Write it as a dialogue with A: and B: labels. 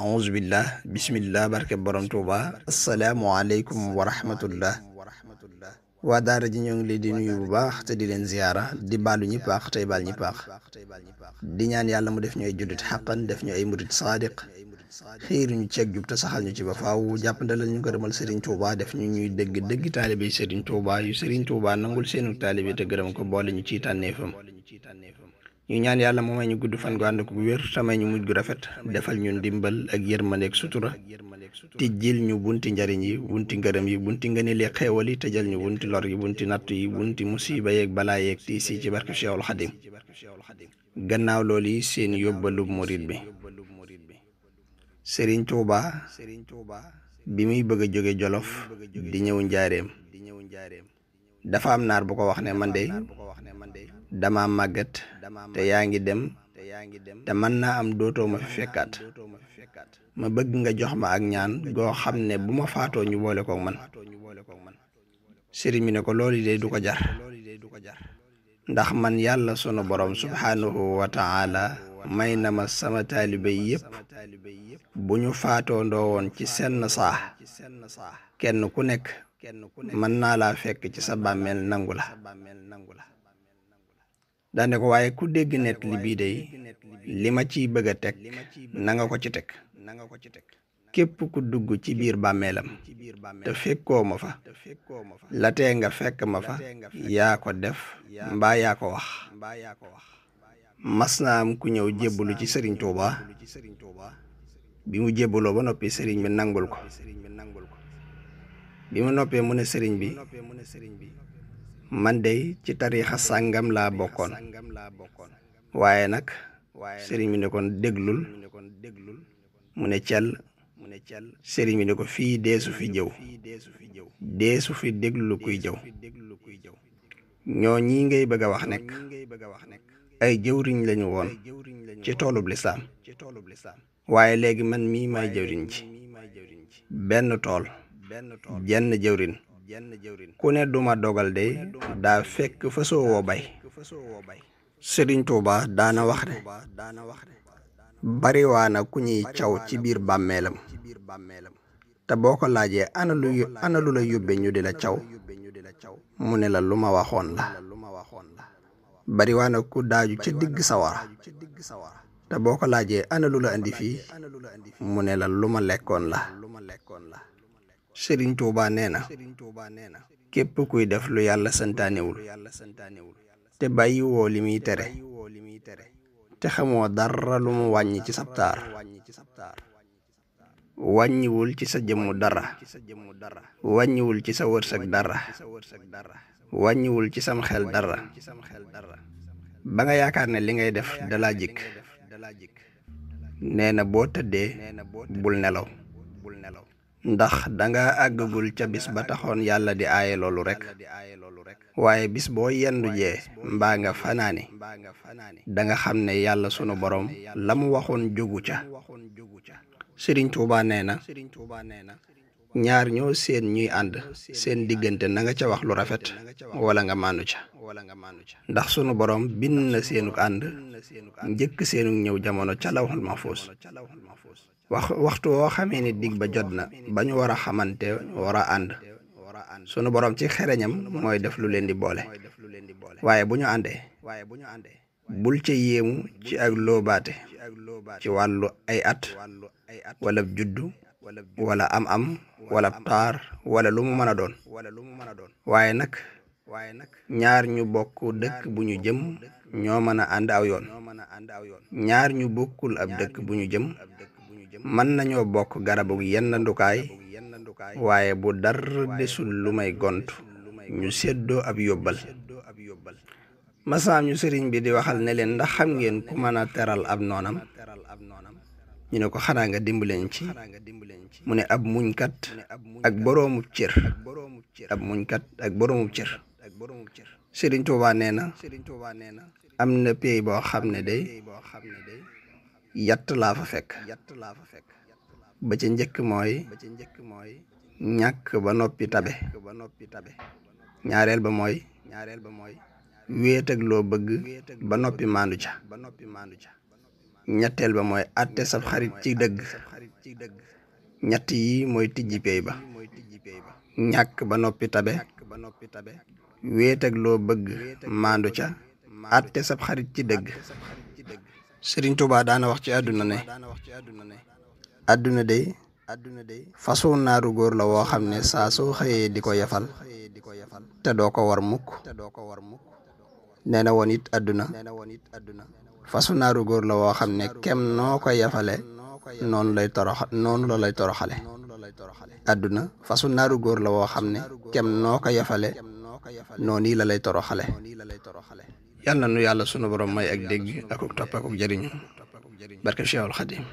A: أعوذ بالله بسم الله بارك برم توبا السلام عليكم ورحمة الله ودار جي نيو لي يوبا اختي بو لين زياره دي بالو ني باخ تي بال ني باخ دي نيان يالا مو ديف نيو جودت حقا ديف نيو اي مريد صادق خير ني تشك جوب تساخال ني تي بافاو جاب ندال ني غرمال سيرين توبا ديف ني نيو دغ دغ طالبي توبا يو سيرين توبا نانغول سينو طالبي تي غرم كو تانيفم ñu ñaan yàlla mu may ñu gudd fan gu ànd bu wér te may ñu mujj gu rafet defal ñu ndimbal ak sutura te jil ñu bunti njariñ yi bunti ngërëm yi bunti ngëneel yi xeewal yi te jël ñu bunti lor yi bunti natt yi bunti musiba yeeg balaa yeeg tiis yi ci barke Cheikhul Xadim gannaaw loolu yi seen murid bi Sëriñ Tuuba bi muy bëgg a jóge Jolof di ñëw njaareem dafa am naar bu ko wax ne man de dama màggat te yaa ngi dem te mën naa am dootoo ma fi fekkaat ma bëgg nga jox ma ak ñaan goo xam ne bu ma faatoo ñu boole koog man sëriñ bi ne ko loolu de du ko jar ndax man yàlla sunu borom subhaanahu wa taala may na ma sama taalibe yépp bu ñu faatoo ndoo woon ci senn saa kenn ku nekk mën naa laa fekk ci sa bàmmeel nangu la daane ko waaye ku dégg net li bii day li ma ciy bëgg a teg na nga ko ci teg képp ku dugg ci biir bàmmeelam te fekkoo ma fa la tee nga fekk ma fa yaa ko def mbaa yaa ko wax mas naa ku ñëw jébbalu ci sëriñ Tuuba bi mu jébbaloo ba noppi sëriñ bi nangul ko bi mu noppee mu ne sëriñ bi man de ci tariixa sàngam laa bokkoon waaye nag sëriñ bi ne kon déglul mu ne cel sëriñ bi ne ko fii deesu fi jëw deesu fi déglu kuy jëw ñoo ñii ngay bëgg a wax nekk ay jëwriñ lañu woon ci toolub lislaam waaye léegi man mii may jëwriñ ji benn tool jenn jëwriñ ku ne duma dogal de daa fekk fa soo woo bay sëriñ tuuba daana wax ne bariwaana ku ñuy caw ci biir bàmmeelam te boo ko laajee ana lu ana lu la yóbbe ñu di la caw mu ne la lu ma waxoon la bariwaana ku daaju ca digg sawara te boo ko laajee ana lu la indi fii mu ne la lu ma lekkoon la Sëriñ Tuuba nee na képp kuy def lu yàlla santaanewul te bàyyi woo li muy tere te xamoo dara lu mu wàññi ci sabtaar wàññiwul ci sa jëmmu dara wàññiwul ci sa wërsëg dara wàññiwul ci sam xel dara ba nga yaakaar ne li ngay def dalaa jikk nee na boo tëddee bul nelaw ndax danga àggagul ca bis ba taxoon yàlla di aaye loolu rek waaye bis boo yendu jee mbaa nga fanaani danga xam ne yàlla sunu borom la mu waxoon jógu ca Sëriñ Tuuba nee na ñaar ñoo seen ñuy ànd seen diggante na nga ca wax lu rafet wala nga maanu ca ndax sunu borom bind na seenu ànd njëkk seenu ñëw jamono ca lawhul mahfuus wax waxtu woo xamee ni dig ba jot na ba ñu war a xamante war a ànd sunu borom ci xereñam mooy def lu leen di boole waaye bu ñu àndee bul ci yéemu ci ak loobaate ci wàllu ay at wala juddu wala am-am wala taar wala lu mu mën a doon waaye nag ñaar ñu bokk dëkk bu ñu jëm ñoo mën a ànd aw yoon ñaar ñu bokkul ab dëkk bu ñu jëm mën nañoo bokk garabu yenn ndukaay waaye bu dar desul lu may gont ñu séddoo ab yóbbal masaam ñu sëriñ bi di waxal ne leen ndax xam ngeen ku mën a teral ab noonam ñu ne ko xanaa nga dimbaleen ci mu ne ab muñkat ak boroomub cër ab muñkat ak boroomub cër sëriñ Tuubaa nee na am na pay boo xam ne day
B: yatt laa fa fekk
A: laa fa fekk ba ca njëkk mooy ba ca njëkk mooy ñàkk ba noppi tabe ba noppi tabe ñaareel ba mooy ñaareel ba mooy wéet ak loo bëgg ba noppi maandu ca ba noppi maandu ca ñetteel ba mooy àtte sab xarit ci dëgg ñett yi mooy tijji pey ba ñàkk ba noppi tabe wéet ak loo bëgg maandu ca àtte sab xarit ci dëgg sëriñ Tuubaa daana wax ci àdduna ne àdduna day façon naaru góor la woo xam ne saa soo xëyee di ko yafal te doo ko war mukk nee na woon it àdduna façon naaru góor la woo xam ne kem noo ko yafale noonu lay toroxa noonu la lay toroxale àdduna façon naaru góor la woo kem noo yafale noonu la lay toroxale yal na nu yàlla sunu borom may ak dégg ak topp ak jëriñu barke Cheikhul Khadim